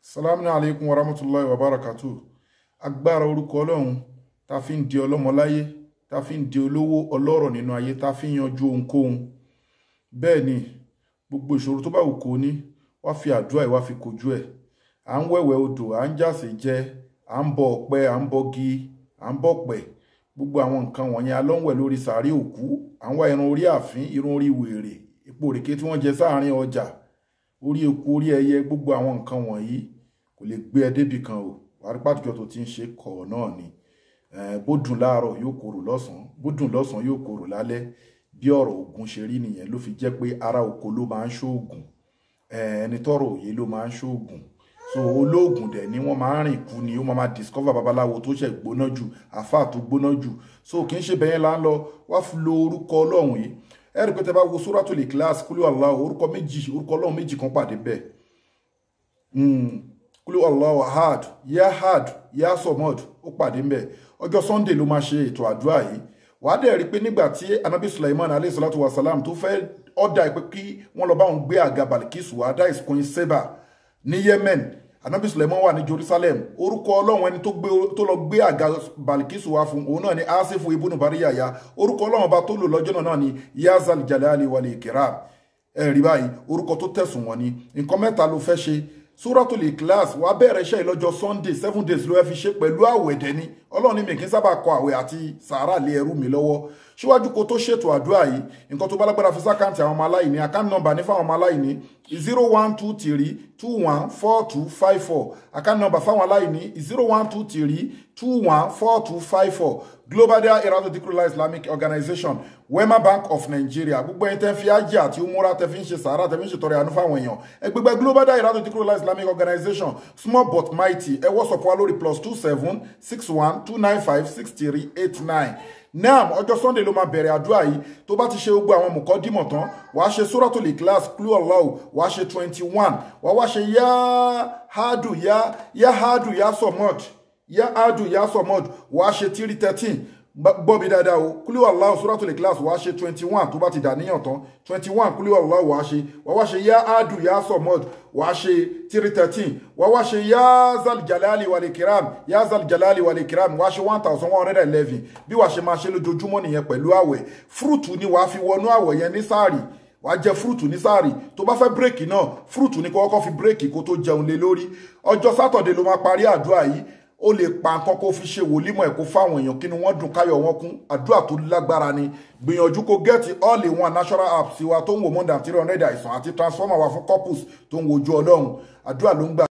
salamu alaykum wa rahmatulahi wa barakatu agbára orúkọ ọlọ́run tá a fi ń di ọlọ́mọ láyé tá a fi ń di olówó ọlọ́rọ̀ nínú ayé tá a fi ń yanjú ohunkóhun bẹ́ẹ̀ ni gbogbo ìṣòro tó bá wù kó ní wá fi àdúrà ẹ̀ wá fi kojú ẹ̀ à ń wẹ̀wẹ̀ odò à ń jàsè jẹ à ń bọ ọ̀pẹ à ń bọgi à ń bọ̀pẹ̀ gbogbo àwọn nǹkan wọ̀nyẹn alọ́wẹ̀ lórí sàárè òkú à ń wá irun orí ààfin irun orí wèrè epo òrèké tí wọ́n jẹ sáàárín ọjà orí eku orí ẹyẹ gbogbo àwọn nǹkan wọ̀nyí kò lè gbé ẹ débi kan o àrípàdùjọ tó ti ń ṣe kọ̀ náà ni bó dùn láàárọ̀ yóò korò lọ́sàn-án bó dùn lọ́sàn-án yóò korò lálẹ́ bí ọ̀rọ̀ ògùn ṣe rí nìyẹn ló fi jẹ́ pé ara oko ló máa ń ṣoògùn ẹni tọrọ òye ló máa ń ṣoògùn so olóògùn dẹ̀ ni wọ́n máa ń rìn kú ni ó máa discover babaláwo tó ṣe gbóná jù àáfàá tó gbóná jù so kì í ṣe bẹ́yẹn là ń lọ wá lo orúkọ ọlọ́run yìí ẹ rí i pé tẹ bá wo suratul ikhlas kúlú Allah orúkọ méjì orúkọ ọlọ́run méjì kan pàdé bẹ́ẹ̀ kúlú hmm, Allah ahad yá hard, yá sọmọd ó pàdé bẹ́ẹ̀ ọjọ́ sunday ló máa ṣe ètò àdúrà yìí wàá dẹ̀ rí i pé nígbà tí anabi Sulaiman alayhi salatu wa salam tó fẹ́ ọ̀dà ìpè kí wọ́n lọ bá òun gbé àga Balkisu wàá dá ìsìnkú yín sẹ́bà ní Yemen anabi suleiman wà ní jerusalem orúkọ ọlọ́run ẹni tó lọ gbé àga balikisu wá fún òun náà ni asifu ibùnú bariyaya orúkọ ọlọ́run ọba tó lò lọ́jọ́ náà ni yazal jalali wali kiram ẹ̀rí báyìí orúkọ tó tẹ̀sùn wọn ni nǹkan mẹ́ta ló fẹ́ ṣe suratul ikhlas wàá bẹ̀rẹ̀ iṣẹ́ ìlọ́jọ́ sunday seven days ló fi ṣe pẹ̀lú àwẹ̀ dẹ́ni ọlọ́run ní mi kì í sábà kọ àwẹ̀ àti sàárà lé ẹrú mi lọ́wọ́ síwájú kó tó ṣètò àdúrà yìí nǹkan tó bá lágbára fi sákàǹtì àwọn ọmọ aláìní àkáǹtì nọ́mbà ní fáwọn ọmọ aláìní zero one two three two one four two five four account number fáwọn aláìní zero one two three two one four two five four Global Dahiratu Dhikrlahi Islamic Organization Wema Bank of Nigeria gbogbo ẹni tẹ́ ń fi ájì àti umura tẹ́ fi ń ṣe sàárà tẹ́ fi ń ṣètọrẹ àánú fáwọn èèyàn ẹgbẹgbẹ Global Dahiratu Dhikrlahi Islamic Organization small but mighty ẹ wọ́sọ̀pọ̀ wa plus two seven six one two nine five six three eight nine naam ọjọ́ sunday ló máa bẹ̀rẹ̀ àdúrà yìí tó bá ti ṣe gbogbo àwọn mùkọ́ dìmọ̀ tán wàá ṣe sóràtò lè class clue allahu wàá ṣe twenty one wàá wá ṣe yá hádù yá yá hádù yá sọmọd yá hádù yá sọmọd wàá ṣe three thirteen gbọ́ mi dáadáa o kúlú aláwọ̀ suratul ikhlas wàá ṣe twenty one tó bá ti dà níyàn tán twenty one kúlú aláwọ̀ wàá ṣe wàá wá ṣe yá adu yá sọmọd wàá ṣe three thirteen wàá wá ṣe yá zal jalali wàlẹ̀ kiram yá zal jalali wàlẹ̀ kiram wàá ṣe one thousand one hundred and eleven bí wàá ṣe máa ṣe lójoojúmọ́ nìyẹn pẹ̀lú àwẹ̀ fúrùtù ni wàá fi wọnú àwẹ̀ yẹn ní sáàrì wàá jẹ fúrùtù ní sáàrì tó bá fẹ́ bírèkì náà fúrùtù ni kọ́kọ́ fi bírèkì kó tó jẹun lé lórí ọjọ́ sátọ̀dẹ̀ ló máa parí àdúrà yìí ó lè pa nǹkan kó fi ṣe wòlímọ̀ ẹ̀ kó fáwọn èèyàn kí ni wọ́n dùn káyọ̀ wọn kún àdúrà tó lágbára ni gbìyànjú kó gẹ́ẹ̀tì all in one national app tiwa tó ń wo more than three hundred àìsàn àti transformer wa fún couples tó ń wojú ọlọ́run àdúrà ló ń gbà.